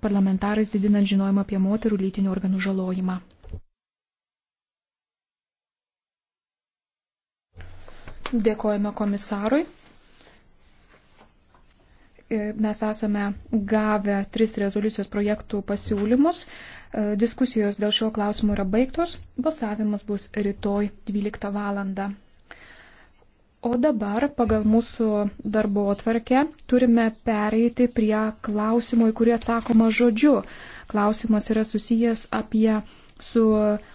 parlamentarais didinant žinojimą apie moterų lytinių organų žalojimą. Dėkojame komisarui. E, mes esame gavę tris rezoliucijos projektų pasiūlymus. E, diskusijos dėl šio klausimo yra baigtos. Balsavimas bus rytoj 12 valandą. O dabar pagal mūsų darbo atvarkę turime pereiti prie klausimo, į kurį atsakoma žodžiu. Klausimas yra susijęs apie su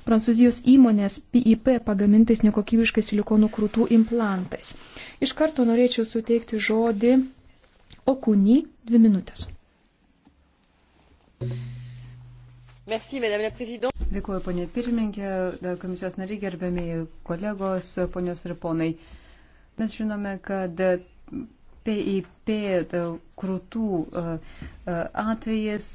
prancūzijos įmonės PIP pagamintais nekokybiškais silikonų krūtų implantais. Iš karto norėčiau suteikti žodį Okuni dvi minutės. Merci, Madame la Présidente. Dėkuoju, ponė pirmininkė, komisijos nariai, gerbėmiai kolegos, ponios ir ponai. Uh, Mes žinome, kad PIP krūtų atvejas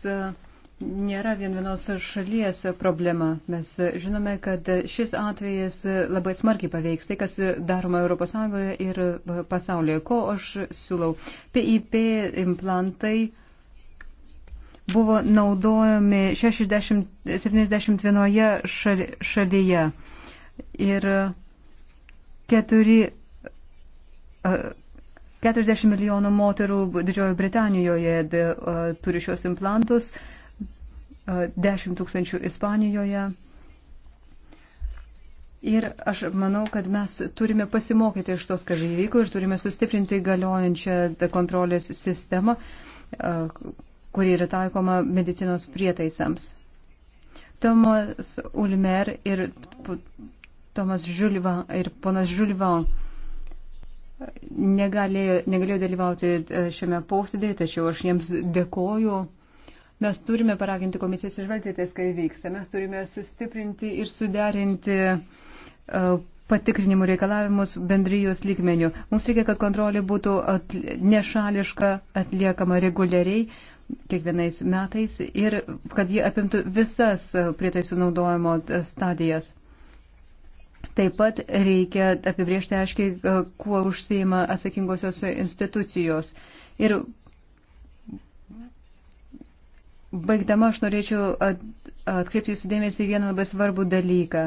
nėra vien vienos šalies problema. Mes žinome, kad šis atvejas labai smarkiai paveiks tai, kas daroma ES ir pasaulyje. Ko aš siūlau? PIP implantai buvo naudojami 60, 71 šalyje ir 4 40 milijonų moterų Didžiojo Britanijoje de, uh, turi šios implantus, uh, 10 tūkstančių Ispanijoje. Ir aš manau, kad mes turime pasimokyti iš tos, kas įvyko ir turime sustiprinti galiojančią kontrolės sistemą, uh, kuri yra taikoma medicinos prietaisams. Tomas Ulmer ir Tomas Žulvan ir ponas Žulvan negalėjo, negalėjo dalyvauti e, šiame posėdėje, tačiau aš jiems dėkoju. Mes turime paraginti komisijas išvalgti tai, kai vyksta. Mes turime sustiprinti ir suderinti e, patikrinimų reikalavimus bendrijos lygmenių. Mums reikia, kad kontrolė būtų atlie, nešališka, atliekama reguliariai kiekvienais metais ir kad ji apimtų visas e, prietaisų naudojimo stadijas. Taip pat reikia apibriežti aiškiai, e, kuo užsieima atsakingosios institucijos. Ir baigdama aš norėčiau atkreipti jūsų dėmesį į vieną labai svarbų dalyką.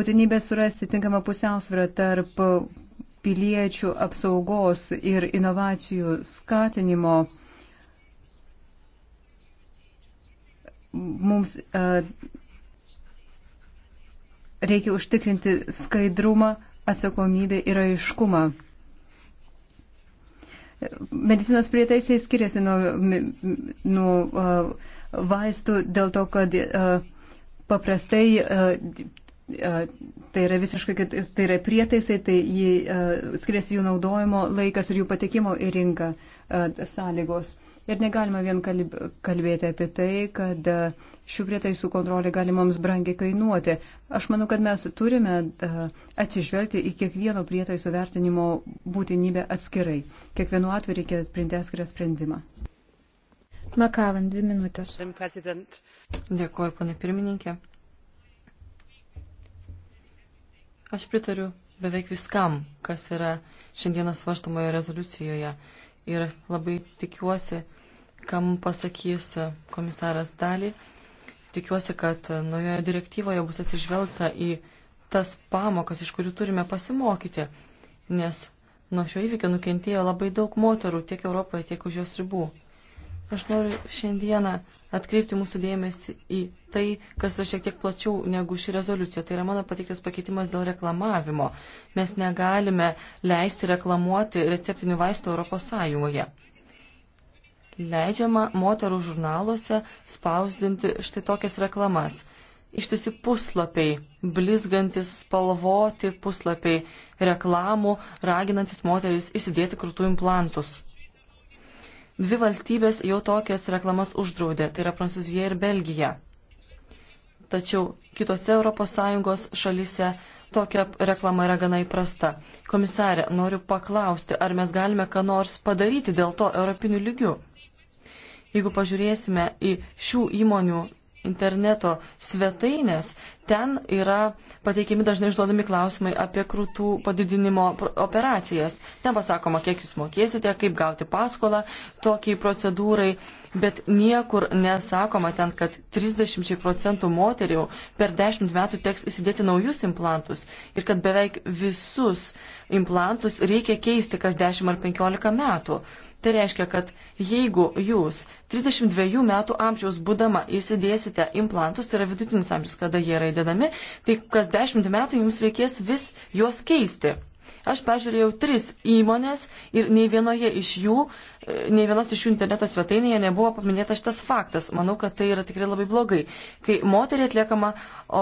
Būtinybė surasti tinkamą pusiausvyrą tarp piliečių apsaugos ir inovacijų skatinimo. Mums uh, reikia užtikrinti skaidrumą, atsakomybę ir aiškumą. Medicinos prietaisai skiriasi nuo, nuo uh, vaistų dėl to, kad uh, paprastai uh, tai yra visiškai, tai yra prietaisai, tai jį, skiriasi jų naudojimo laikas ir jų patekimo į rinką sąlygos. Ir negalima vien kalbėti apie tai, kad e, šių prietaisų kontrolė gali mums brangiai kainuoti. Aš manau, kad mes turime e, atsižvelgti į kiekvieno prietaiso vertinimo būtinybę atskirai. Kiekvienu atveju reikia priimti atskirą sprendimą. Makavan, dvi minutės. Dėkuoju, ponė pirmininkė. Aš pritariu beveik viskam, kas yra šiandieną svarstamoje rezoliucijoje ir labai tikiuosi, kam pasakys komisaras dalį. Tikiuosi, kad naujoje direktyvoje bus atsižvelgta į tas pamokas, iš kurių turime pasimokyti, nes nuo šio įvykio nukentėjo labai daug moterų tiek Europoje, tiek už jos ribų. Aš noriu šiandieną atkreipti mūsų dėmesį į tai, kas yra šiek tiek plačiau negu ši rezoliucija. Tai yra mano pateiktas pakeitimas dėl reklamavimo. Mes negalime leisti reklamuoti receptinių vaistų Europos Sąjungoje leidžiama moterų žurnaluose spausdinti štai tokias reklamas. Ištisi puslapiai, blizgantis, spalvoti puslapiai reklamų, raginantis moteris įsidėti krūtų implantus. Dvi valstybės jau tokias reklamas uždraudė, tai yra Prancūzija ir Belgija. Tačiau kitose ES šalyse tokia reklama yra gana įprasta. Komisarė, noriu paklausti, ar mes galime ką nors padaryti dėl to europinių lygių? Jeigu pažiūrėsime į šių įmonių interneto svetainės, ten yra pateikiami dažnai išduodami klausimai apie krūtų padidinimo operacijas. Ten pasakoma, kiek jūs mokėsite, kaip gauti paskolą tokiai procedūrai, bet niekur nesakoma ten, kad 30 procentų moterių per 10 metų teks įsidėti naujus implantus ir kad beveik visus implantus reikia keisti kas 10 ar 15 metų. Tai reiškia, kad jeigu jūs 32 metų amžiaus būdama įsidėsite implantus, tai yra vidutinis amžius, kada jie yra įdedami, tai kas 10 metų jums reikės vis juos keisti. Aš peržiūrėjau tris įmonės ir nei vienoje iš jų, e, nei vienos iš jų interneto svetainėje nebuvo paminėta šitas faktas. Manau, kad tai yra tikrai labai blogai. Kai moterį atliekama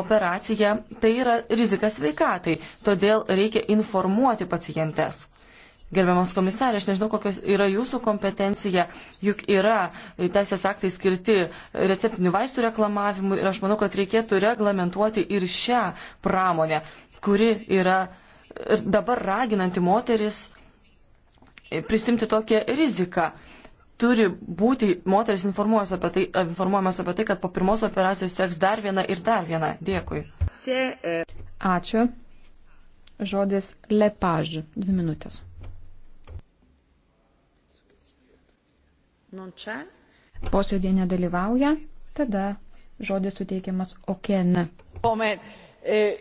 operacija, tai yra rizika sveikatai, todėl reikia informuoti pacientes. Gerbiamas komisarė, aš nežinau, kokios yra jūsų kompetencija, juk yra teisės aktai skirti receptinių vaistų reklamavimui ir aš manau, kad reikėtų reglamentuoti ir šią pramonę, kuri yra dabar raginanti moteris prisimti tokią riziką. Turi būti moteris informuojamas apie, tai, informuojamas apie tai, kad po pirmos operacijos seks dar viena ir dar viena. Dėkui. Ačiū. Žodis lepaž. Dvi minutės. Posėdė nedalyvauja, tada žodis suteikiamas Oken. Eh,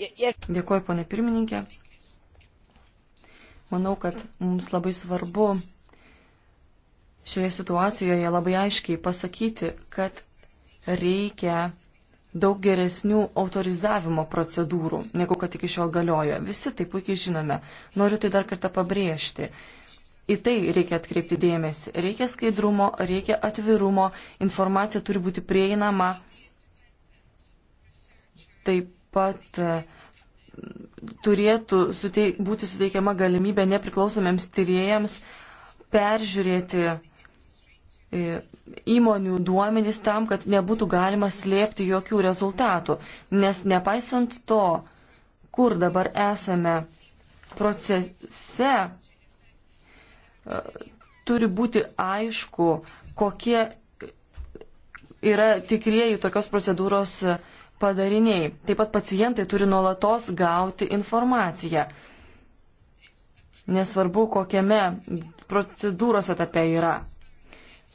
Dėkuoju, ponė pirmininkė. Manau, kad mums labai svarbu šioje situacijoje labai aiškiai pasakyti, kad reikia daug geresnių autorizavimo procedūrų, negu kad iki šiol galiojo. Visi tai puikiai žinome. Noriu tai dar kartą pabrėžti. Į tai reikia atkreipti dėmesį. Reikia skaidrumo, reikia atvirumo, informacija turi būti prieinama. Taip pat e, turėtų suteik, būti suteikiama galimybė nepriklausomiems tyriejams peržiūrėti e, įmonių duomenys tam, kad nebūtų galima slėpti jokių rezultatų. Nes nepaisant to, kur dabar esame procese, turi būti aišku, kokie yra tikrieji tokios procedūros padariniai. Taip pat pacientai turi nuolatos gauti informaciją. Nesvarbu, kokiame procedūros etape yra.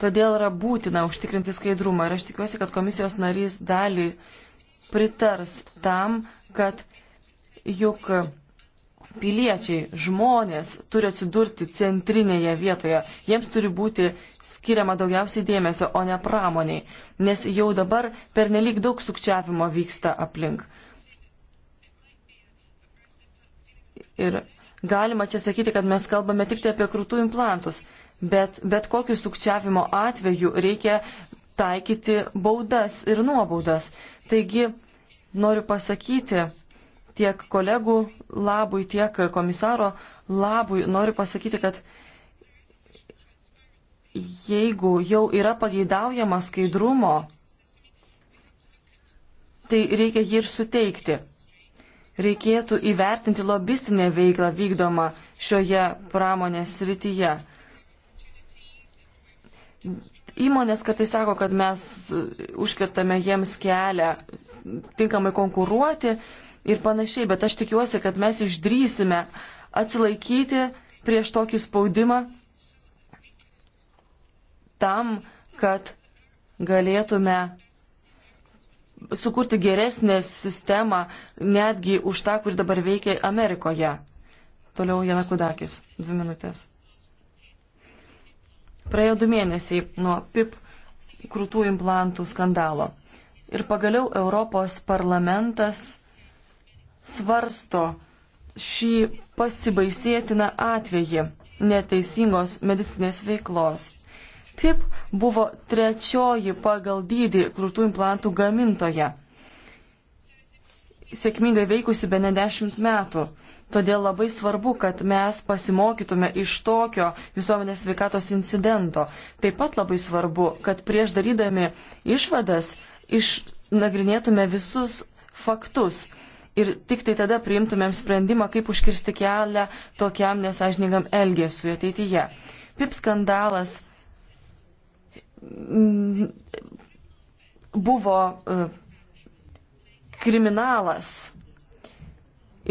Todėl yra būtina užtikrinti skaidrumą ir aš tikiuosi, kad komisijos narys dalį pritars tam, kad juk piliečiai, žmonės turi atsidurti centrinėje vietoje. Jiems turi būti skiriama daugiausiai dėmesio, o ne pramoniai, nes jau dabar pernelyg daug sukčiavimo vyksta aplink. Ir galima čia sakyti, kad mes kalbame tik tai apie krūtų implantus, bet bet kokiu sukčiavimo atveju reikia taikyti baudas ir nuobaudas. Taigi, noriu pasakyti, tiek kolegų labui, tiek komisaro labui noriu pasakyti, kad jeigu jau yra pageidaujama skaidrumo, tai reikia jį ir suteikti. Reikėtų įvertinti lobistinę veiklą vykdomą šioje pramonės srityje. Įmonės kartais sako, kad mes užkirtame jiems kelią tinkamai konkuruoti, ir panašiai, bet aš tikiuosi, kad mes išdrysime atsilaikyti prieš tokį spaudimą tam, kad galėtume sukurti geresnę sistemą netgi už tą, kuri dabar veikia Amerikoje. Toliau Jana Kudakis, dvi minutės. Praėjo du mėnesiai nuo PIP krūtų implantų skandalo. Ir pagaliau Europos parlamentas svarsto šį pasibaisėtiną atvejį neteisingos medicinės veiklos. PIP buvo trečioji pagal dydį krūtų implantų gamintoja, sėkmingai veikusi be ne dešimt metų. Todėl labai svarbu, kad mes pasimokytume iš tokio visuomenės sveikatos incidento. Taip pat labai svarbu, kad prieš darydami išvadas išnagrinėtume visus faktus ir tik tai tada priimtumėm sprendimą, kaip užkirsti kelią tokiam nesažiningam elgesiu ateityje. PIP skandalas mm, buvo e, kriminalas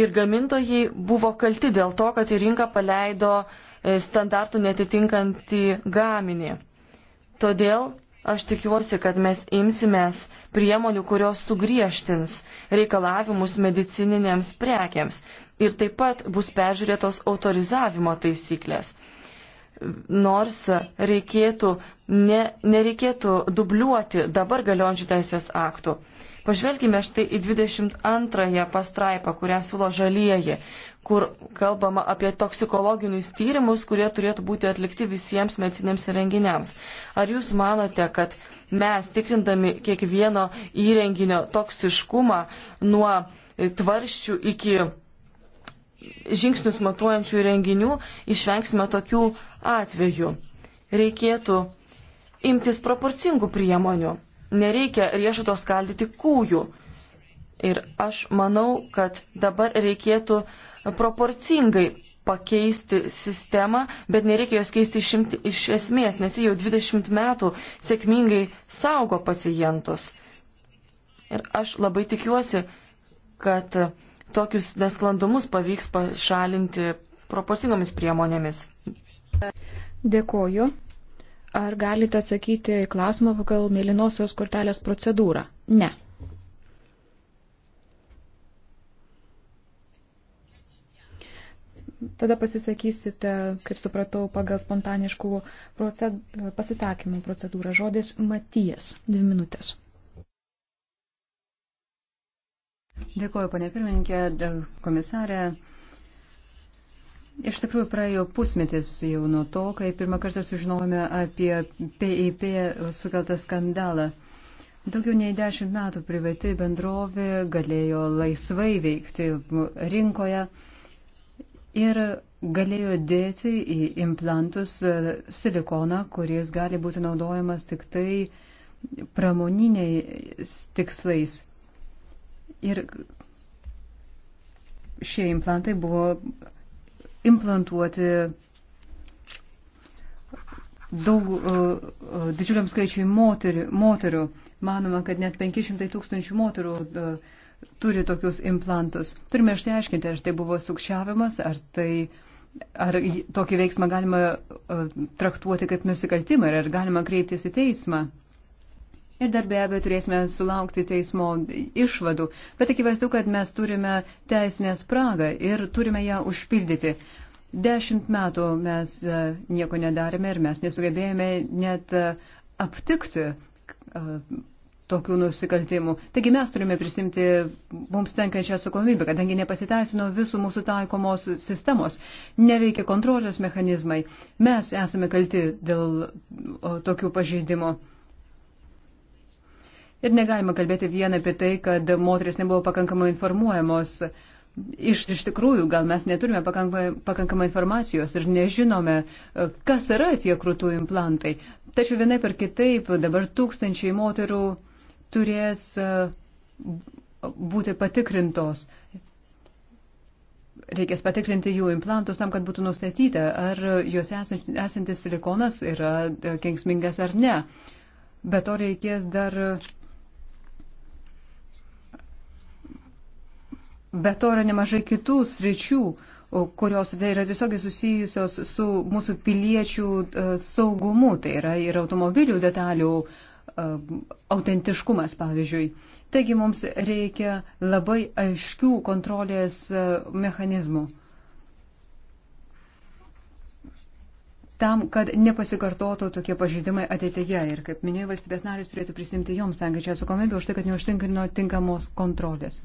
ir gamintojai buvo kalti dėl to, kad į rinką paleido e, standartų netitinkantį gaminį. Todėl Aš tikiuosi, kad mes imsimės priemonių, kurios sugriežtins reikalavimus medicininėms prekiams ir taip pat bus peržiūrėtos autorizavimo taisyklės nors reikėtų, ne, nereikėtų dubliuoti dabar galiojančių teisės aktų. Pažvelgime štai į 22 pastraipą, kurią siūlo žalieji, kur kalbama apie toksikologinius tyrimus, kurie turėtų būti atlikti visiems mediciniams renginiams. Ar jūs manote, kad mes tikrindami kiekvieno įrenginio toksiškumą nuo tvarščių iki žingsnius matuojančių įrenginių išvengsime tokių atveju. Reikėtų imtis proporcingų priemonių. Nereikia riešuto skaldyti kūjų. Ir aš manau, kad dabar reikėtų proporcingai pakeisti sistemą, bet nereikia jos keisti šimt, iš esmės, nes jie jau 20 metų sėkmingai saugo pacientus. Ir aš labai tikiuosi, kad tokius nesklandumus pavyks pašalinti proporcingomis priemonėmis. Dėkoju. Ar galite atsakyti į klausimą pagal mėlynosios kortelės procedūrą? Ne. Tada pasisakysite, kaip supratau, pagal spontaniškų proced... pasisakymų procedūrą. Žodis Matijas. Dvi minutės. Dėkuoju, ponė pirmininkė, komisarė. Iš tikrųjų, praėjo pusmetis jau nuo to, kai pirmą kartą sužinojome apie PIP sukeltą skandalą. Daugiau nei dešimt metų privati bendrovė galėjo laisvai veikti rinkoje ir galėjo dėti į implantus silikoną, kuris gali būti naudojamas tik tai pramoniniais tikslais. Ir šie implantai buvo implantuoti daug e, e, didžiuliam skaičiui moterių, moterių. Manoma, kad net 500 tūkstančių moterų e, turi tokius implantus. Turime išsiaiškinti, ar tai buvo sukčiavimas, ar, tai, ar tokį veiksmą galima traktuoti kaip nusikaltimą ir ar galima kreiptis į teismą. Ir dar be abejo turėsime sulaukti teismo išvadų. Bet akivaizdu, kad mes turime teisinę spragą ir turime ją užpildyti. Dešimt metų mes e, nieko nedarėme ir mes nesugebėjome net e, aptikti e, tokių nusikaltimų. Taigi mes turime prisimti mums tenkančią atsakomybę, kadangi nepasiteisino visų mūsų taikomos sistemos, neveikia kontrolės mechanizmai. Mes esame kalti dėl tokių pažeidimų. Ir negalima kalbėti vien apie tai, kad moteris nebuvo pakankamai informuojamos. Iš, iš tikrųjų, gal mes neturime pakankamai, pakankamai informacijos ir nežinome, e, kas yra tie krūtų implantai. Tačiau vienai per kitaip dabar tūkstančiai moterų turės e, būti patikrintos. Reikės patikrinti jų implantus tam, kad būtų nustatyta, ar juos esantis silikonas yra e, kenksmingas ar ne. Be to reikės dar Bet to yra nemažai kitų sričių, kurios tai yra tiesiogiai susijusios su mūsų piliečių e, saugumu, tai yra ir automobilių detalių e, autentiškumas, pavyzdžiui. Taigi mums reikia labai aiškių kontrolės e, mechanizmų. tam, kad nepasikartotų tokie pažeidimai ateityje. Ir kaip minėjau, valstybės narės turėtų prisimti joms tenkačią atsakomybę už tai, kad neužtinkino tinkamos kontrolės.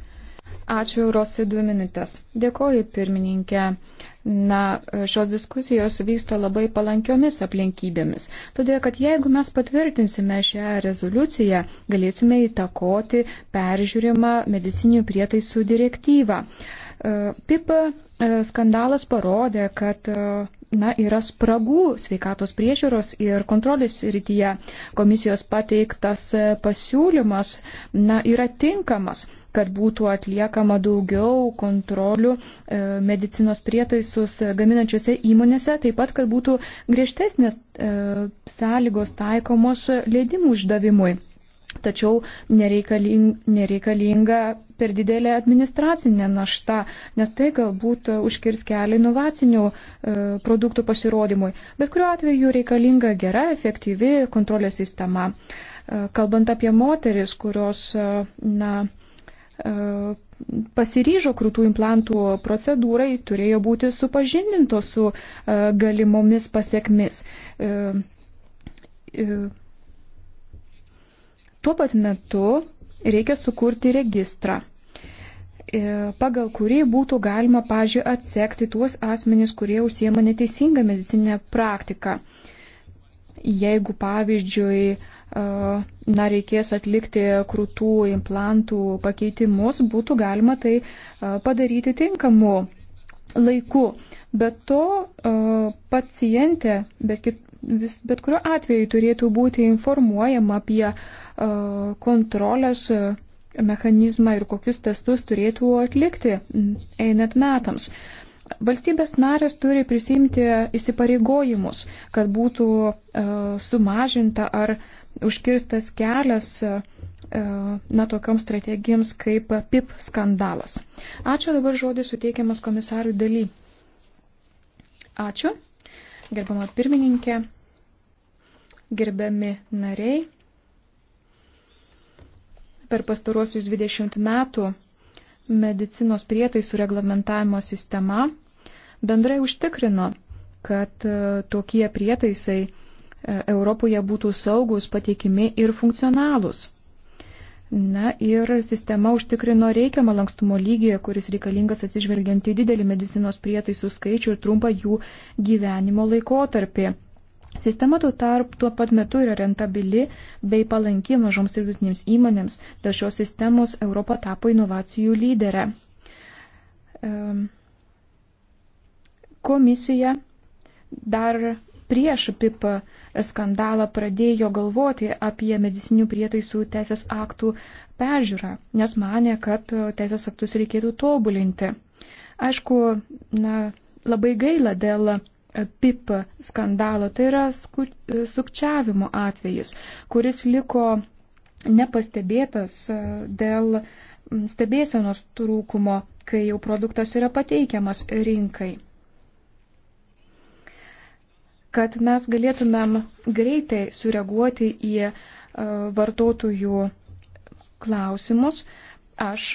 Ačiū, Rosi, dvi minutės. Dėkoju, pirmininkė. Na, šios diskusijos vyksta labai palankiomis aplinkybėmis. Todėl, kad jeigu mes patvirtinsime šią rezoliuciją, galėsime įtakoti peržiūrimą medicinių prietaisų direktyvą. PIP e, e, skandalas parodė, kad e, na, yra spragų sveikatos priežiūros ir kontrolės rytyje. Komisijos pateiktas pasiūlymas na, yra tinkamas, kad būtų atliekama daugiau kontrolių e, medicinos prietaisus gaminančiose įmonėse, taip pat, kad būtų griežtesnės e, sąlygos taikomos leidimų išdavimui. Tačiau nereikaling, nereikalinga per didelė administracinė našta, nes tai galbūt užkirs kelią inovacinių e, produktų pasirodymui. Bet kuriuo atveju reikalinga gera, efektyvi kontrolės sistema. E, kalbant apie moteris, kurios e, na, E, pasiryžo krūtų implantų procedūrai, turėjo būti supažindintos su e, galimomis pasiekmis. E, tuo pat metu reikia sukurti registrą, pagal kurį būtų galima, pažiūrėjau, atsekti tuos asmenys, kurie užsiema neteisingą medicinę praktiką. Jeigu, pavyzdžiui, na, reikės atlikti krūtų implantų pakeitimus, būtų galima tai padaryti tinkamu laiku. Bet to pacientė, bet, kit, vis, bet kuriuo atveju turėtų būti informuojama apie kontrolės mechanizmą ir kokius testus turėtų atlikti einant metams. Valstybės narės turi prisimti įsipareigojimus, kad būtų e, sumažinta ar užkirstas kelias e, e, na, tokioms strategijoms kaip PIP skandalas. Ačiū dabar žodis suteikiamas komisarui daly. Ačiū. Gerbama pirmininkė, gerbiami nariai. Per pastaruosius 20 metų medicinos prietaisų reglamentavimo sistema bendrai užtikrino, kad e, tokie prietaisai e, Europoje būtų saugus, pateikimi ir funkcionalūs. Na ir sistema užtikrino reikiamą lankstumo lygį, kuris reikalingas atsižvelgiant į didelį medicinos prietaisų skaičių ir trumpą jų gyvenimo laikotarpį. Sistema tuo tarp tuo pat metu yra rentabili bei palanki mažoms ir vidutinėms įmonėms. Dėl šios sistemos Europa tapo inovacijų lyderę. Komisija dar prieš PIP skandalą pradėjo galvoti apie medicinių prietaisų teisės aktų peržiūrą, nes mane, kad teisės aktus reikėtų tobulinti. Aišku, na, labai gaila dėl PIP skandalo. Tai yra sukčiavimo atvejis, kuris liko nepastebėtas e, dėl stebėsenos trūkumo, kai jau produktas yra pateikiamas rinkai. Kad mes galėtumėm greitai sureaguoti į e, vartotojų klausimus, aš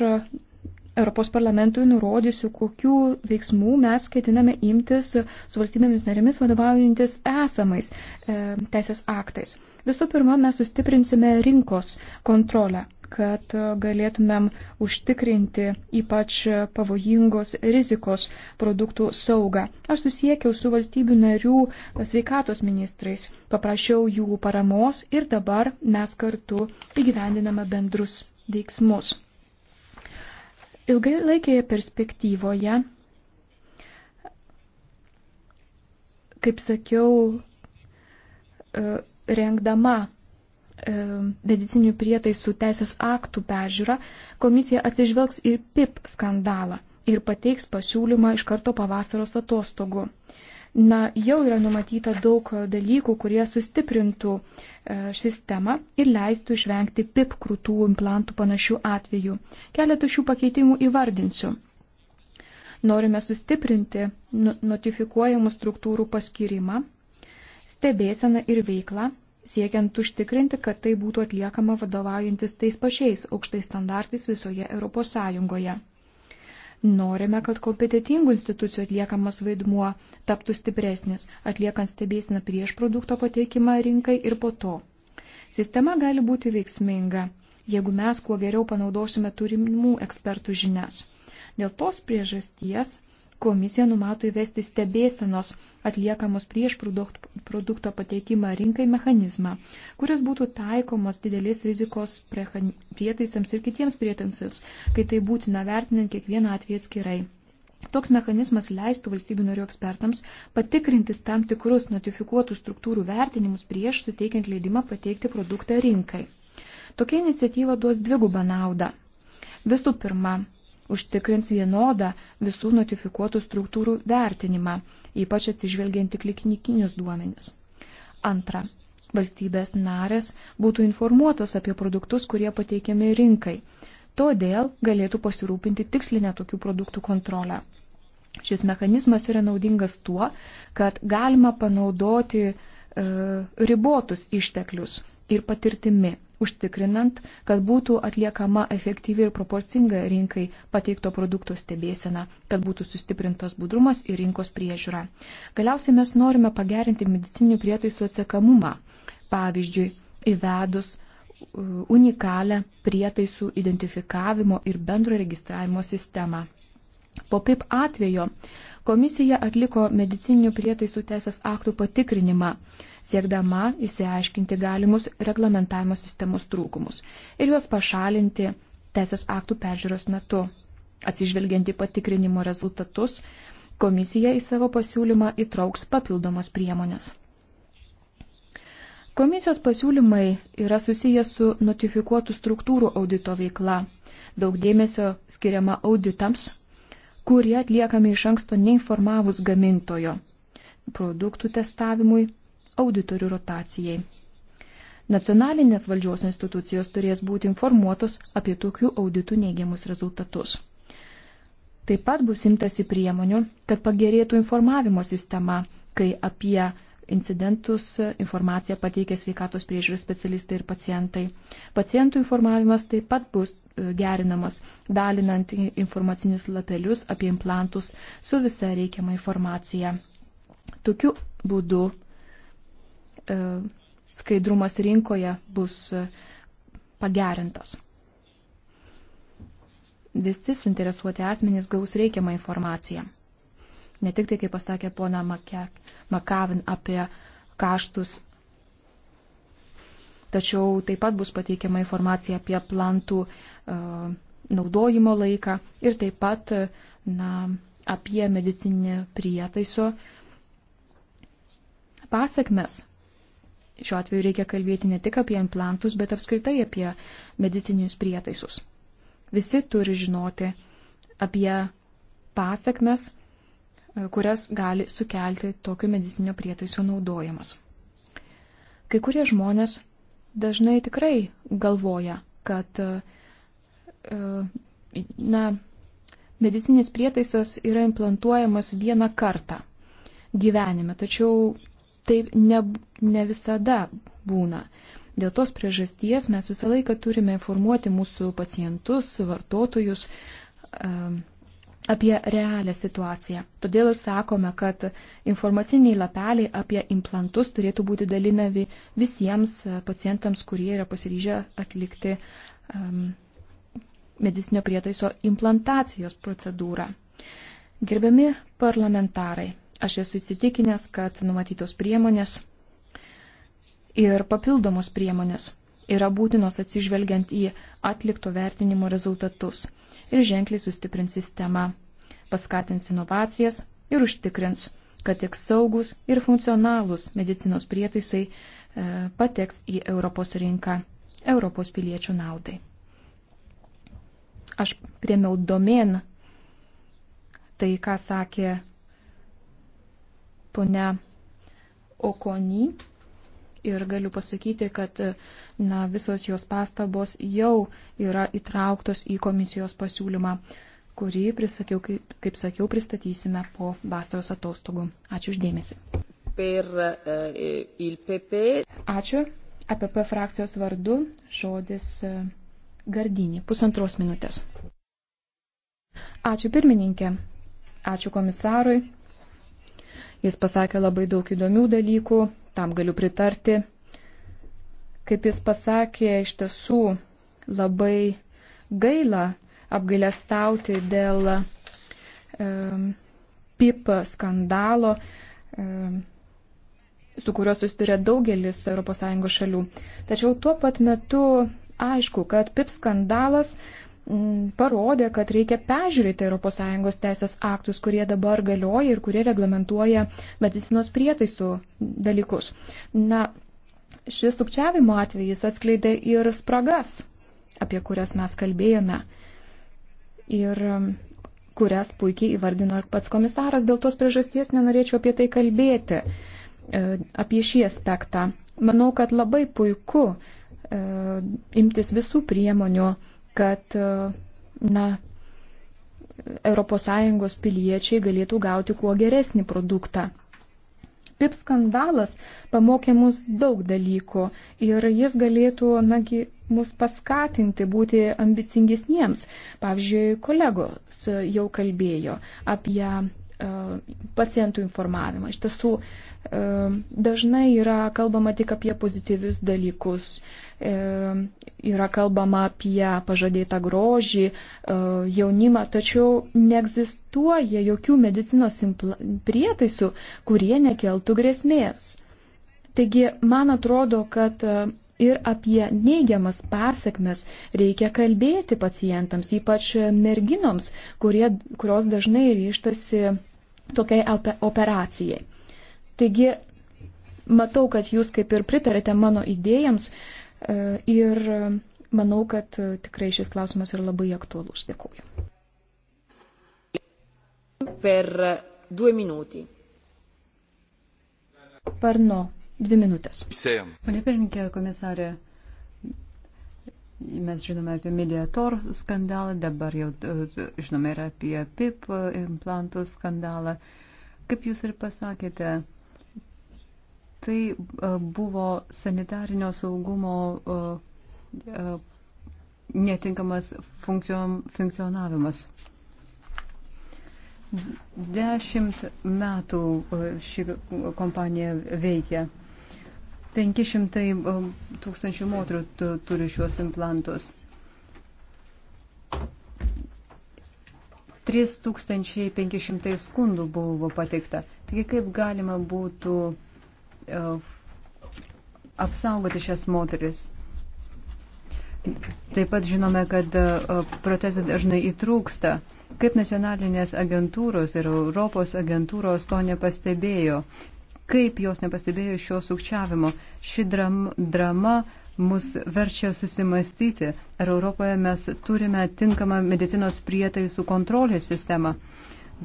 Europos parlamentui nurodysiu, kokių veiksmų mes ketiname imtis su valstybėmis narėmis vadovaujantis esamais e, teisės aktais. Visų pirma, mes sustiprinsime rinkos kontrolę, kad galėtumėm užtikrinti ypač pavojingos rizikos produktų saugą. Aš susiekiau su valstybių narių sveikatos ministrais, paprašiau jų paramos ir dabar mes kartu įgyvendiname bendrus veiksmus. Ilgai laikėje perspektyvoje, kaip sakiau, e, rengdama e, medicinių prietaisų teisės aktų peržiūrą, komisija atsižvelgs ir PIP skandalą ir pateiks pasiūlymą iš karto pavasaros atostogų na, jau yra numatyta daug dalykų, kurie sustiprintų e, sistemą ir leistų išvengti PIP krūtų implantų panašių atvejų. Keletą šių pakeitimų įvardinsiu. Norime sustiprinti nu, notifikuojamų struktūrų paskirimą, stebėseną ir veiklą, siekiant užtikrinti, kad tai būtų atliekama vadovaujantis tais pačiais aukštais standartais visoje ES. Norime, kad kompetitingų institucijų atliekamas vaidmuo taptų stipresnis, atliekant stebėsiną prieš produkto pateikimą rinkai ir po to. Sistema gali būti veiksminga, jeigu mes kuo geriau panaudosime turimų ekspertų žinias. Dėl tos priežasties komisija numato įvesti stebėsenos atliekamos prieš produkto pateikimą rinkai mechanizmą, kuris būtų taikomos didelės rizikos prietaisams ir kitiems prietaisams, kai tai būtina vertinant kiekvieną atvejį atskirai. Toks mechanizmas leistų valstybių narių ekspertams patikrinti tam tikrus notifikuotų struktūrų vertinimus prieš suteikiant leidimą pateikti produktą rinkai. Tokia iniciatyva duos dvigubą naudą. Visų pirma, užtikrins vienodą visų notifikuotų struktūrų vertinimą, ypač atsižvelgiant į klinikinius duomenis. Antra, valstybės narės būtų informuotas apie produktus, kurie pateikiami rinkai. Todėl galėtų pasirūpinti tikslinę tokių produktų kontrolę. Šis mechanizmas yra naudingas tuo, kad galima panaudoti e, ribotus išteklius ir patirtimi, užtikrinant, kad būtų atliekama efektyvi ir proporcinga rinkai pateikto produkto stebėsena, kad būtų sustiprintas budrumas ir rinkos priežiūra. Galiausiai mes norime pagerinti medicininių prietaisų atsekamumą, pavyzdžiui, įvedus uh, unikalią prietaisų identifikavimo ir bendro registravimo sistemą. Po PIP atvejo Komisija atliko medicinių prietaisų teisės aktų patikrinimą, siekdama įsiaiškinti galimus reglamentavimo sistemos trūkumus ir juos pašalinti teisės aktų peržiūros metu. Atsižvelgianti patikrinimo rezultatus, komisija į savo pasiūlymą įtrauks papildomas priemonės. Komisijos pasiūlymai yra susijęs su notifikuotų struktūrų audito veikla. Daug dėmesio skiriama auditams, kurie atliekami iš anksto neinformavus gamintojo produktų testavimui, auditorių rotacijai. Nacionalinės valdžios institucijos turės būti informuotos apie tokių auditų neigiamus rezultatus. Taip pat bus imtasi priemonių, kad pagerėtų informavimo sistema, kai apie incidentus informaciją pateikia sveikatos priežiūros specialistai ir pacientai. Pacientų informavimas taip pat bus e, gerinamas, dalinant informacinius lapelius apie implantus su visa reikiama informacija. Tokiu būdu e, skaidrumas rinkoje bus e, pagerintas. Visi suinteresuoti asmenys gaus reikiamą informaciją ne tik tai, kaip pasakė pona Makavin apie kaštus, tačiau taip pat bus pateikiama informacija apie plantų uh, naudojimo laiką ir taip pat na, apie medicinį prietaiso pasiekmes. Šiuo atveju reikia kalbėti ne tik apie implantus, bet apskritai apie medicinius prietaisus. Visi turi žinoti apie pasiekmes E, kurias gali sukelti tokio medicinio prietaiso naudojimas. Kai kurie žmonės dažnai tikrai galvoja, kad e, e, na, medicinis prietaisas yra implantuojamas vieną kartą gyvenime, tačiau taip ne, ne visada būna. Dėl tos priežasties mes visą laiką turime informuoti mūsų pacientus, vartotojus, apie realią situaciją. Todėl ir sakome, kad informaciniai lapeliai apie implantus turėtų būti dalinami visiems e, pacientams, kurie yra pasiryžę atlikti um, medicinio prietaiso implantacijos procedūrą. Gerbiami parlamentarai, aš esu įsitikinęs, kad numatytos priemonės ir papildomos priemonės yra būtinos atsižvelgiant į atlikto vertinimo rezultatus ir ženkliai sustiprins sistemą, paskatins inovacijas ir užtikrins, kad tik saugus ir funkcionalūs medicinos prietaisai e, pateks į Europos rinką Europos piliečių naudai. Aš priemiau domen tai, ką sakė ponia Okony ir galiu pasakyti, kad na, visos jos pastabos jau yra įtrauktos į komisijos pasiūlymą, kurį, prisakiau, kaip, kaip sakiau, pristatysime po vasaros atostogų. Ačiū uždėmesi. Per uh, e, ILPP. Ačiū. APP frakcijos vardu žodis e, Gardinį. Pusantros minutės. Ačiū pirmininkė. Ačiū komisarui. Jis pasakė labai daug įdomių dalykų, tam galiu pritarti. Kaip jis pasakė, iš tiesų labai gaila apgailestauti dėl e, PIP skandalo, e, su kuriuo susiduria daugelis ES šalių. Tačiau tuo pat metu aišku, kad PIP skandalas e, Mm, parodė, kad reikia peržiūrėti ES teisės aktus, kurie dabar galioja ir kurie reglamentuoja medicinos prietaisų dalykus. Na, šis sukčiavimo atvejis atskleidė ir spragas, apie kurias mes kalbėjome ir mm, kurias puikiai įvardino ir pats komisaras. Dėl tos priežasties nenorėčiau apie tai kalbėti, e, apie šį aspektą. Manau, kad labai puiku e, imtis visų priemonių kad e, na, ES piliečiai galėtų gauti kuo geresnį produktą. Pip skandalas pamokė mus daug dalykų ir jis galėtų, nagi, mus paskatinti būti ambicingesniems. Pavyzdžiui, kolegos jau kalbėjo apie uh, pacientų informavimą. Iš tiesų, uh, E, dažnai yra kalbama tik apie pozityvius dalykus. E, yra kalbama apie pažadėtą grožį, e, jaunimą, tačiau neegzistuoja jokių medicinos prietaisų, kurie nekeltų grėsmės. Taigi, man atrodo, kad ir apie neigiamas pasiekmes reikia kalbėti pacientams, ypač merginoms, kurie, kurios dažnai ryštasi tokiai operacijai. Taigi, matau, kad jūs kaip ir pritarėte mano idėjams e, ir manau, kad e, tikrai šis klausimas yra labai aktuolus. Dėkuoju. Per e, du minutį. Parno, dvi minutės. Pane pirmininkė, komisarė, mes žinome apie mediator skandalą, dabar jau žinome ir apie PIP implantų skandalą. Kaip jūs ir pasakėte, Tai e, buvo sanitarinio saugumo e, e, netinkamas funkcionavimas. Dešimt metų ši kompanija veikia. 500 tūkstančių moterų turi šiuos implantus. 3500 skundų buvo pateikta. Taigi kaip galima būtų uh, E, apsaugoti šias moteris. Taip pat žinome, kad e, protezai dažnai įtrūksta. Kaip nacionalinės agentūros ir Europos agentūros to nepastebėjo? Kaip jos nepastebėjo šio sukčiavimo? Ši dram, drama mus verčia susimastyti, ar Europoje mes turime tinkamą medicinos prietaisų kontrolės sistemą.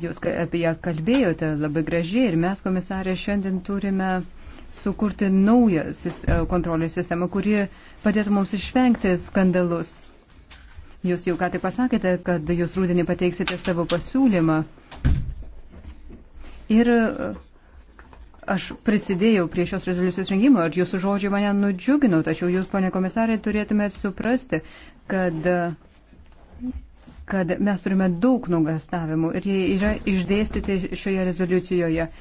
Jūs apie ją kalbėjote labai gražiai ir mes, komisarė, šiandien turime sukurti naują e, kontrolės sistemą, kuri padėtų mums išvengti skandalus. Jūs jau ką tik pasakėte, kad jūs rūdienį pateiksite savo pasiūlymą. Ir e, aš prisidėjau prie šios rezoliucijos rengimo ir jūsų žodžiai mane nudžiugino, tačiau jūs, ponė komisarė, turėtumėte suprasti, kad e, kad mes turime daug nugastavimų ir jie yra išdėstyti šioje rezoliucijoje.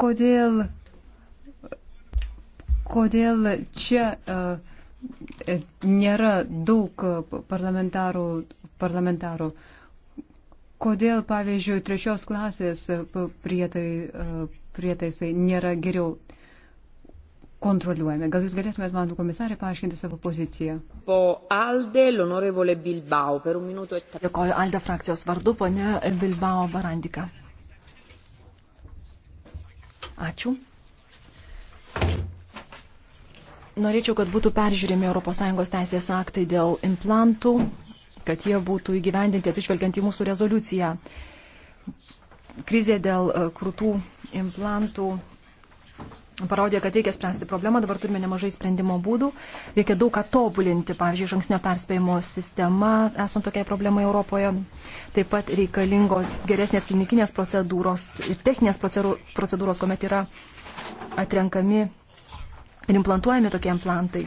Kodėl, kodėl čia uh, nėra daug parlamentarų, parlamentarų? Kodėl, pavyzdžiui, trečios klasės prietai, uh, prietaisai nėra geriau kontroliuojami. Gal jūs galėtumėt man, komisarė, paaiškinti savo poziciją? Po Alde, l'onorevole Bilbao, per un minuto. Dėkoju Alde frakcijos vardu, ponia Bilbao Barandika. Ačiū. Norėčiau, kad būtų peržiūrimi ES teisės aktai dėl implantų, kad jie būtų įgyvendinti atsižvelgiant į mūsų rezoliuciją. Krizė dėl e, krūtų implantų parodė, kad reikia spręsti problemą, dabar turime nemažai sprendimo būdų, reikia daug ką tobulinti, pavyzdžiui, žangsnio perspėjimo sistema, esant tokiai problemai Europoje, taip pat reikalingos geresnės klinikinės procedūros ir techninės procedūros, kuomet yra atrenkami ir implantuojami tokie implantai.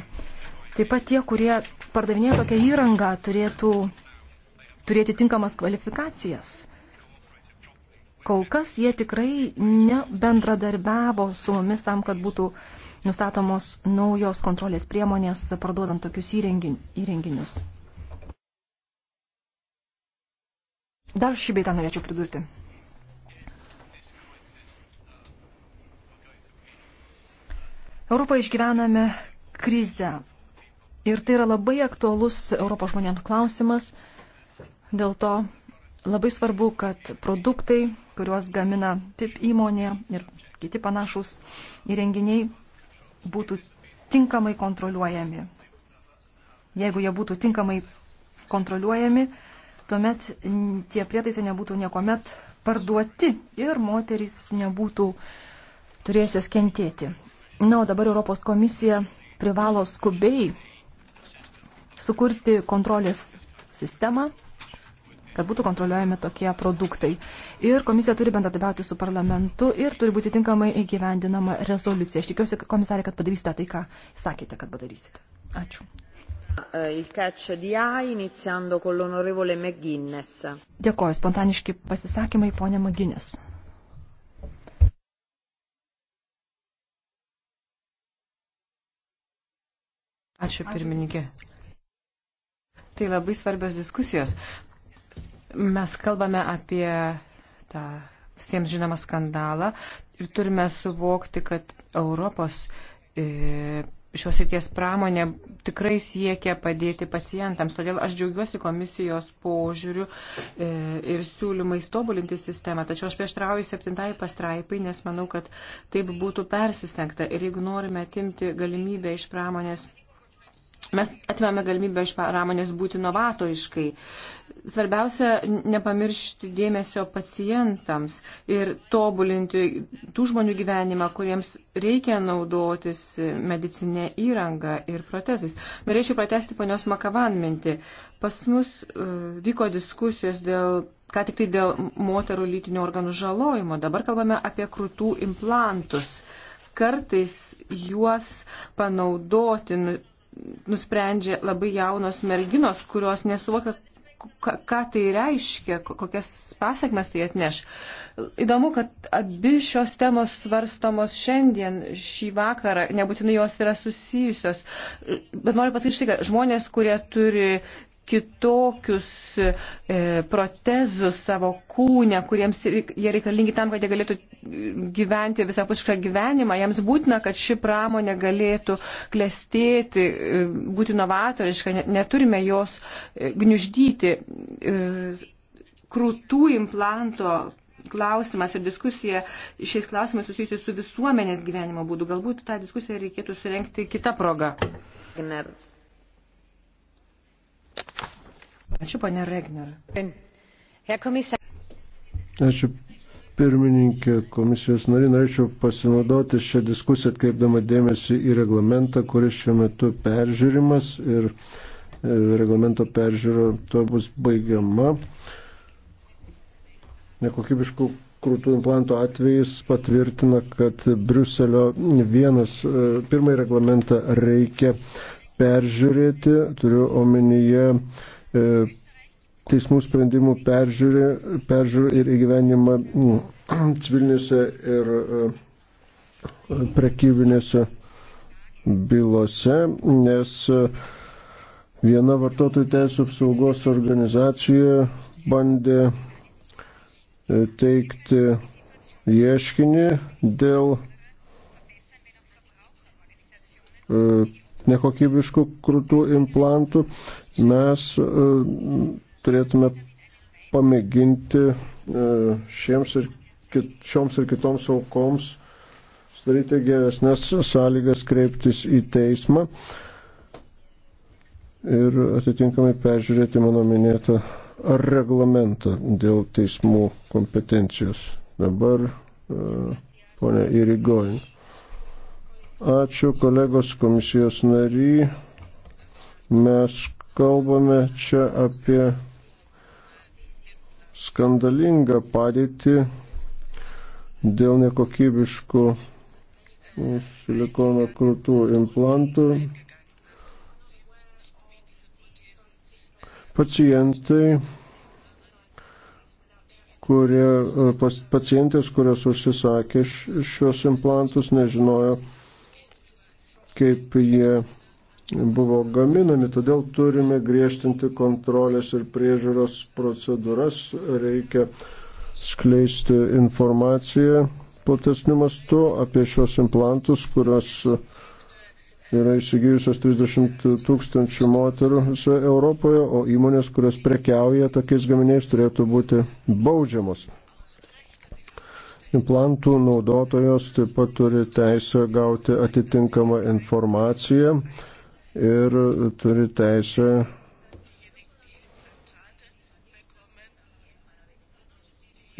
Taip pat tie, kurie pardavinėja tokią įrangą, turėtų turėti tinkamas kvalifikacijas kol kas jie tikrai nebendradarbiavo su mumis tam, kad būtų nustatomos naujos kontrolės priemonės parduodant tokius įrenginius. Dar šį beitą norėčiau pridurti. Europoje išgyvename krizę ir tai yra labai aktuolus Europos žmonėms klausimas, dėl to Labai svarbu, kad produktai, kuriuos gamina PIP įmonė ir kiti panašus įrenginiai, būtų tinkamai kontroliuojami. Jeigu jie būtų tinkamai kontroliuojami, tuomet tie prietaisai nebūtų niekuomet parduoti ir moterys nebūtų turėjusios kentėti. Na, o dabar Europos komisija privalo skubiai sukurti kontrolės sistemą kad būtų kontroliuojami tokie produktai. Ir komisija turi bendradarbiauti su parlamentu ir turi būti tinkamai įgyvendinama rezoliucija. Aš tikiuosi, komisarė, kad padarysite tai, ką sakėte, kad padarysite. Ačiū. Dėkoju, spontaniški pasisakymai, ponė Maginis. Ačiū pirmininkė. Tai labai svarbios diskusijos. Mes kalbame apie tą visiems žinomą skandalą ir turime suvokti, kad Europos e, šios įties pramonė tikrai siekia padėti pacientams. Todėl aš džiaugiuosi komisijos požiūriu e, ir siūlymais tobulinti sistemą. Tačiau aš prieštrauju septintai pastraipai, nes manau, kad taip būtų persistengta. Ir jeigu norime atimti galimybę iš pramonės Mes atvėme galimybę iš pramonės būti novatoriškai. Svarbiausia nepamiršti dėmesio pacientams ir tobulinti tų žmonių gyvenimą, kuriems reikia naudotis medicinė įranga ir protezais. Norėčiau pratesti ponios Makavan mintį. Pas mus uh, vyko diskusijos dėl, ką tik tai dėl moterų lytinių organų žalojimo. Dabar kalbame apie krūtų implantus. Kartais juos panaudoti nu- nusprendžia labai jaunos merginos, kurios nesuvokia, ką tai reiškia, kokias pasiekmes tai atneš. Įdomu, kad abi šios temos svarstamos šiandien, šį vakarą, nebūtinai jos yra susijusios, bet noriu pasakyti, kad žmonės, kurie turi kitokius e, protezus savo kūne, kuriems jie reikalingi tam, kad jie galėtų e, gyventi visapušką gyvenimą. Jiems būtina, kad ši pramonė galėtų klestėti, e, būti novatoriška, neturime jos e, gniuždyti. E, krūtų implanto klausimas ir diskusija šiais klausimais susijusi su visuomenės gyvenimo būdu. Galbūt tą diskusiją reikėtų surenkti kitą progą. Gner. Ačiū, ponė Regner. Ačiū, pirmininkė, komisijos nariai, norėčiau pasinaudoti šią diskusiją atkreipdama dėmesį į reglamentą, kuris šiuo metu peržiūrimas ir e, reglamento peržiūro to bus baigiama. Nekokybiškų krūtų implantų atvejais patvirtina, kad Briuselio vienas, e, pirmąjį reglamentą reikia peržiūrėti, turiu omenyje E, teismų sprendimų peržiūrį, peržiūrį ir įgyvenimą mm, civilinėse ir e, prekybinėse bylose, nes e, viena vartotojų teisų apsaugos organizacija bandė teikti ieškinį dėl nekokybiškų krūtų implantų Mes e, turėtume pamėginti e, šiems ir kit, šioms ir kitoms aukoms sudaryti geresnės sąlygas kreiptis į teismą ir atitinkamai peržiūrėti mano minėtą ar reglamentą dėl teismų kompetencijos. Dabar e, ponia Irigojin. Ačiū kolegos komisijos nary. Mes kalbame čia apie skandalingą padėtį dėl nekokybiškų silikono krūtų implantų. Pacientai, kurie, pacientės, kurios užsisakė šios implantus, nežinojo, kaip jie buvo gaminami, todėl turime griežtinti kontrolės ir priežiūros procedūras, reikia skleisti informaciją platesniu mastu apie šios implantus, kurios yra įsigijusios 30 tūkstančių moterų visoje Europoje, o įmonės, kurios prekiauja tokiais gaminiais, turėtų būti baudžiamos. Implantų naudotojos taip pat turi teisę gauti atitinkamą informaciją ir turi teisę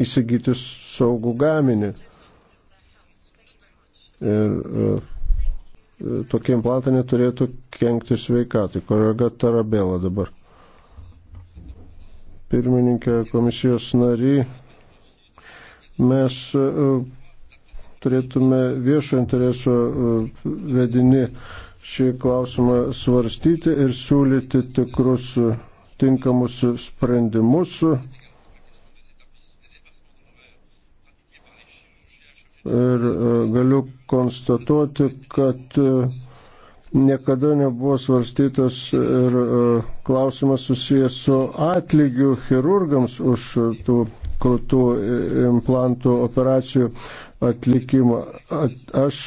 įsigyti saugų gaminį. Ir e, tokie implantai neturėtų kenkti sveikatai. Kolega Tarabela dabar. Pirmininkė komisijos nary, mes e, turėtume viešo intereso e, vedini šį klausimą svarstyti ir siūlyti tikrus tinkamus sprendimus. Ir e, galiu konstatuoti, kad e, niekada nebuvo svarstytas ir e, klausimas susijęs su atlygiu chirurgams už tų krūtų implantų operacijų atlikimą. Aš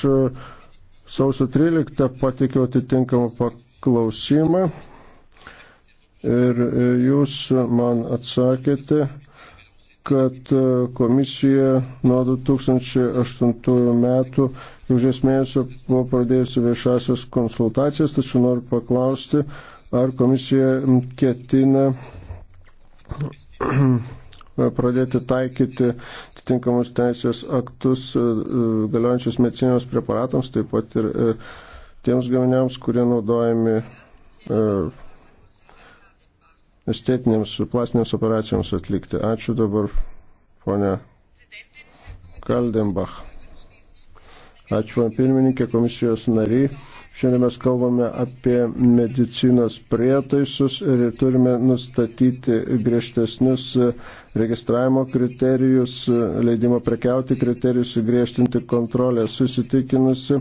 Sausio 13 patikiau atitinkamą paklausimą ir e, jūs man atsakėte, kad e, komisija nuo 2008 metų, užės mėnesio, buvo pradėjusi viešasios konsultacijas, tačiau noriu paklausti, ar komisija ketina E, pradėti taikyti atitinkamus teisės aktus e, e, galiojančius medicinos preparatams, taip pat ir tiems gaminiams, kurie naudojami estetinėms plastinėms operacijoms atlikti. Ačiū dabar, ponia Kaldenbach. Ačiū man pirmininkė, komisijos nariai. Šiandien mes kalbame apie medicinos prietaisus ir turime nustatyti griežtesnius registravimo kriterijus, leidimo prekiauti kriterijus, griežtinti kontrolę. Susitikinusi,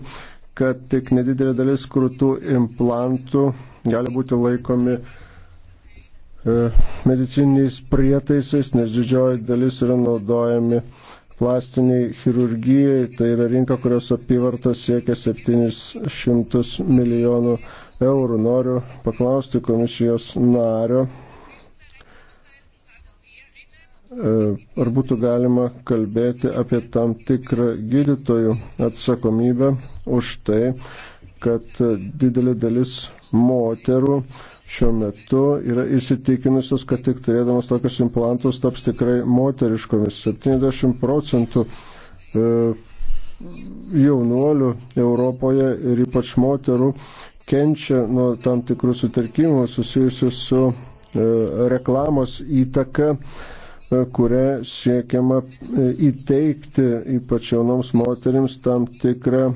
kad tik nedidelė dalis krūtų implantų gali būti laikomi e, medicininiais prietaisais, nes didžioji dalis yra naudojami plastiniai chirurgijai. Tai yra rinka, kurios apyvarta siekia 700 milijonų eurų. Noriu paklausti komisijos nario, e, ar būtų galima kalbėti apie tam tikrą gydytojų atsakomybę už tai, kad didelė dalis moterų šiuo metu yra įsitikinusios, kad tik turėdamas tokius implantus taps tikrai moteriškomis. 70 procentų e, jaunuolių Europoje ir ypač moterų kenčia nuo tam tikrų sutarkimų susijusių su e, reklamos įtaka, e, kuria siekiama įteikti ypač jaunoms moteriams tam tikrą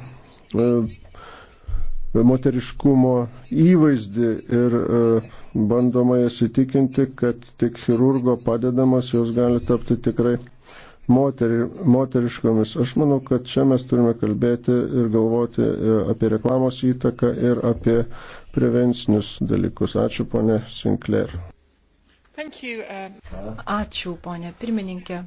moteriškumo įvaizdį ir e, bandoma jas įtikinti, kad tik chirurgo padedamas jos gali tapti tikrai moteri, moteriškomis. Aš manau, kad čia mes turime kalbėti ir galvoti e, apie reklamos įtaką ir apie prevencinius dalykus. Ačiū, ponė Sinclair. You, um... Ačiū, ponė pirmininkė.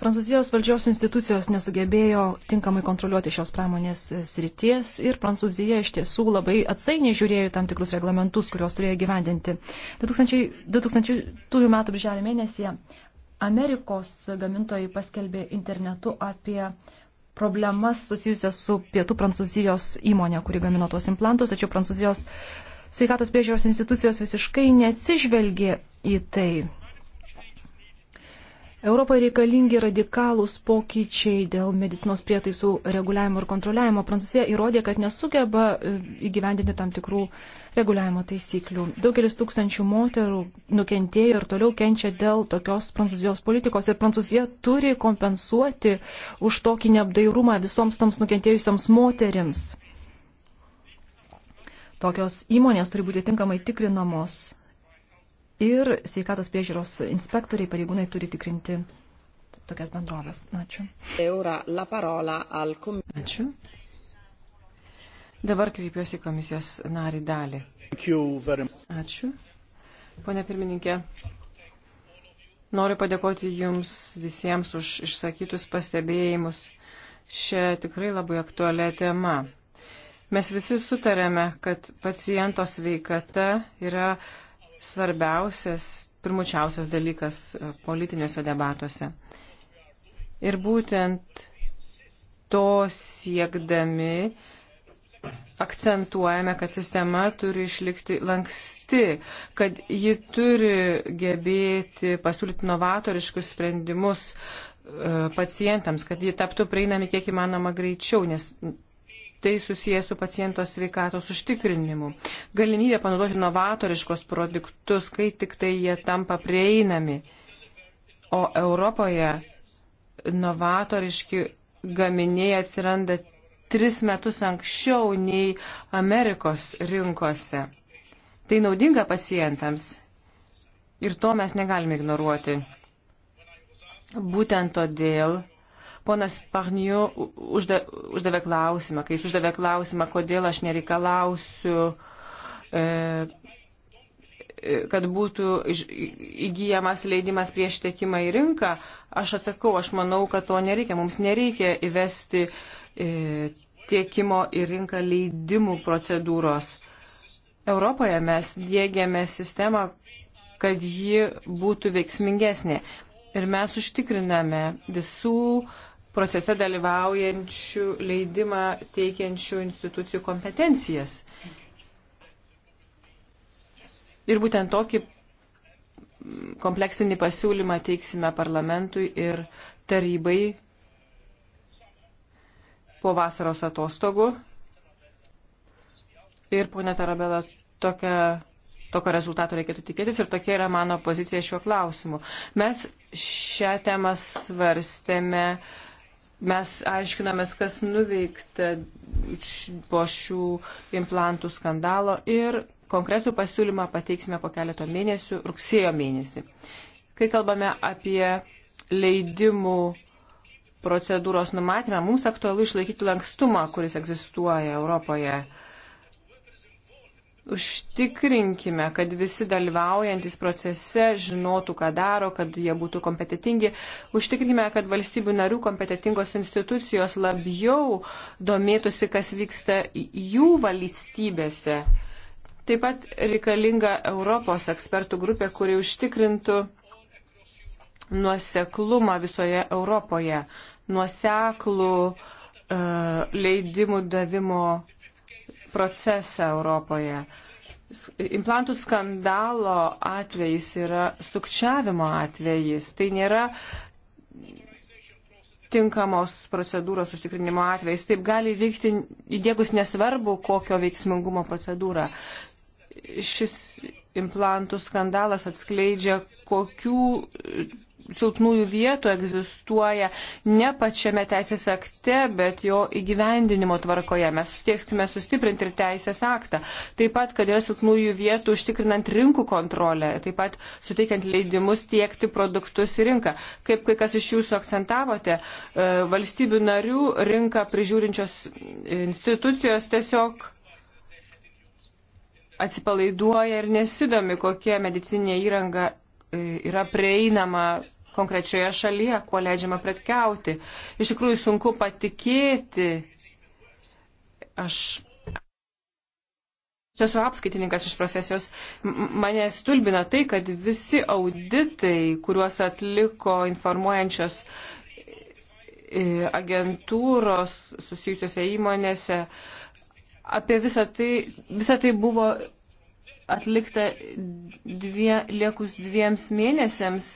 Prancūzijos valdžios institucijos nesugebėjo tinkamai kontroliuoti šios pramonės e, srities ir Prancūzija iš tiesų labai atsainiai žiūrėjo tam tikrus reglamentus, kuriuos turėjo gyvendinti. 2000 m. birželio mėnesį Amerikos gamintojai paskelbė internetu apie problemas susijusias su pietų Prancūzijos įmonė, kuri gamino tuos implantus, tačiau Prancūzijos sveikatos priežiūros institucijos visiškai neatsižvelgė į tai Europai reikalingi radikalūs pokyčiai dėl medicinos prietaisų reguliavimo ir kontroliavimo. Prancūzija įrodė, kad nesugeba e, įgyvendinti tam tikrų reguliavimo taisyklių. Daugelis tūkstančių moterų nukentėjo ir toliau kenčia dėl tokios prancūzijos politikos. Ir prancūzija turi kompensuoti už tokį neapdairumą visoms toms nukentėjusioms moterims. Tokios įmonės turi būti tinkamai tikrinamos ir sveikatos priežiūros inspektoriai pareigūnai turi tikrinti tokias bendrovės. Ačiū. E Ačiū. Dabar kreipiuosi komisijos narį dalį. Ačiū. Pone pirmininkė, noriu padėkoti Jums visiems už išsakytus pastebėjimus. Šia tikrai labai aktualia tema. Mes visi sutarėme, kad paciento sveikata yra svarbiausias, pirmučiausias dalykas e, politiniuose debatuose. Ir būtent to siekdami akcentuojame, kad sistema turi išlikti lanksti, kad ji turi gebėti pasiūlyti novatoriškus sprendimus e, pacientams, kad ji taptų prieinami kiek įmanoma greičiau, nes tai susijęs su paciento sveikatos užtikrinimu. Galimybė panaudoti novatoriškos produktus, kai tik tai jie tampa prieinami. O Europoje novatoriški gaminiai atsiranda tris metus anksčiau nei Amerikos rinkose. Tai naudinga pacientams ir to mes negalime ignoruoti. Būtent todėl Ponas Pahnio užda, uždavė klausimą, kai jis uždavė klausimą, kodėl aš nereikalausiu. E, kad būtų įgyjamas leidimas prieš tekimą į rinką, aš atsakau, aš manau, kad to nereikia. Mums nereikia įvesti e, tiekimo į rinką leidimų procedūros. Europoje mes dėgiame sistemą, kad ji būtų veiksmingesnė. Ir mes užtikriname visų procese dalyvaujančių leidimą teikiančių institucijų kompetencijas. Ir būtent tokį kompleksinį pasiūlymą teiksime parlamentui ir tarybai po vasaros atostogų. Ir, ponė Tarabela, tokia tokio rezultato reikėtų tikėtis ir tokia yra mano pozicija šiuo klausimu. Mes šią temą svarstėme uh, Mes aiškinamės, kas nuveikta po šių implantų skandalo ir konkretų pasiūlymą pateiksime po keleto mėnesių, rugsėjo mėnesį. Kai kalbame apie leidimų procedūros numatymą, mums aktualu išlaikyti lankstumą, kuris egzistuoja Europoje Užtikrinkime, kad visi dalyvaujantis procese žinotų, ką daro, kad jie būtų kompetitingi. Užtikrinkime, kad valstybių narių kompetitingos institucijos labiau domėtųsi, kas vyksta jų valstybėse. Taip pat reikalinga Europos ekspertų grupė, kuri užtikrintų nuoseklumą visoje Europoje, nuoseklų uh, leidimų davimo procesą Europoje. Implantų skandalo atvejis yra sukčiavimo atvejis. Tai nėra tinkamos procedūros užtikrinimo atvejais. Taip gali vykti įdėgus nesvarbu, kokio veiksmingumo procedūra. Šis implantų skandalas atskleidžia, kokių silpnųjų vietų egzistuoja ne pačiame teisės akte, bet jo įgyvendinimo tvarkoje. Mes sutieksime sustiprinti ir teisės aktą. Taip pat, kad yra silpnųjų vietų užtikrinant rinkų kontrolę, taip pat suteikiant leidimus tiekti produktus į rinką. Kaip kai kas iš jūsų akcentavote, e, valstybių narių rinką prižiūrinčios institucijos tiesiog atsipalaiduoja ir nesidomi, kokia medicinė įranga E, yra prieinama konkrečioje šalyje, kuo leidžiama pretkiauti. Iš tikrųjų sunku patikėti. Aš esu apskaitininkas iš profesijos. Mane stulbina tai, kad visi auditai, kuriuos atliko informuojančios e, agentūros susijusiuose įmonėse, apie visą tai, visą tai buvo atlikta dvie, liekus dviems mėnesiams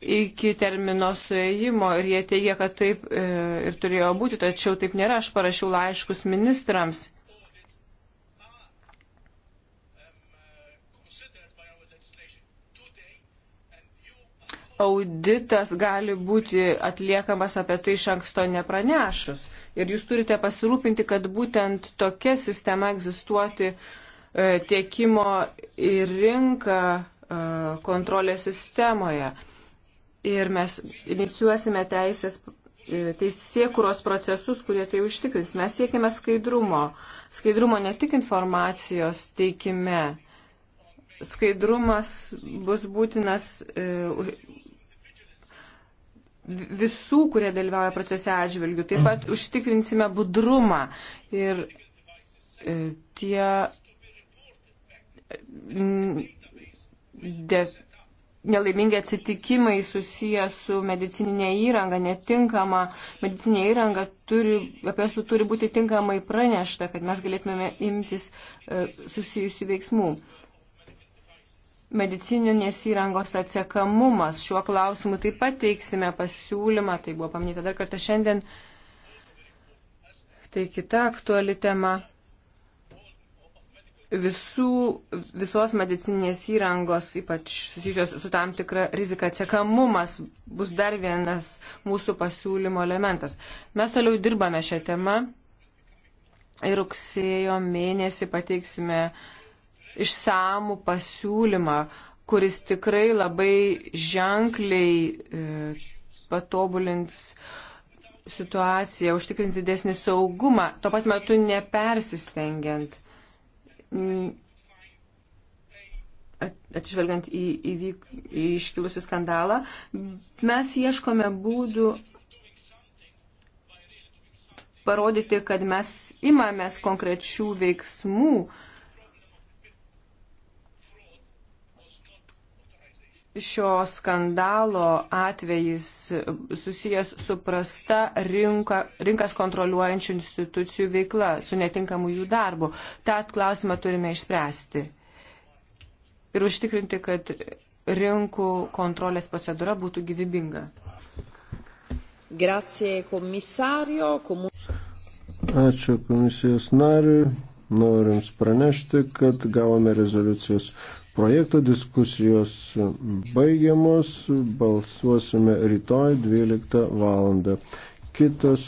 iki termino suėjimo ir jie teigia, kad taip e, ir turėjo būti, tačiau taip nėra, aš parašiau laiškus ministrams. Auditas gali būti atliekamas apie tai iš anksto nepranešus. Ir jūs turite pasirūpinti, kad būtent tokia sistema egzistuoti uh, E, tiekimo į rinką e, kontrolės sistemoje. Ir mes inicijuosime teisės, e, teisėkuros procesus, kurie tai užtikrins. Mes siekime skaidrumo. Skaidrumo ne tik informacijos teikime. Skaidrumas bus būtinas visų, kurie dalyvauja procese atžvilgių. Taip pat užtikrinsime budrumą ir tie de, nelaimingi atsitikimai susiję su medicininė įranga, netinkama medicininė įranga, turi, apie jas turi būti tinkamai pranešta, kad mes galėtume imtis e, susijusių veiksmų. Medicininės įrangos atsiekamumas. Šiuo klausimu taip pat teiksime pasiūlymą, tai buvo paminėta dar kartą šiandien. Tai kita aktuali tema visų, visos medicininės įrangos, ypač susijusios su tam tikra rizika atsiekamumas, bus dar vienas mūsų pasiūlymo elementas. Mes toliau dirbame šią temą ir rugsėjo mėnesį pateiksime išsamų pasiūlymą, kuris tikrai labai ženkliai e, patobulins situaciją, užtikrins didesnį saugumą, tuo pat metu nepersistengiant Mm. atsižvelgiant į, į, į iškilusių skandalą, mes ieškome būdų parodyti, kad mes imamės konkrečių veiksmų, uh, šio skandalo atvejis susijęs su prasta rinka, rinkas kontroliuojančių institucijų veikla, su netinkamu jų darbu. Tą klausimą turime išspręsti ir užtikrinti, kad rinkų kontrolės procedūra būtų gyvybinga. Grazie, komisario. Komu... Ačiū komisijos nariui. Norim pranešti, kad gavome rezoliucijos projekto. Diskusijos baigiamos. Balsuosime rytoj 12 val. Kitas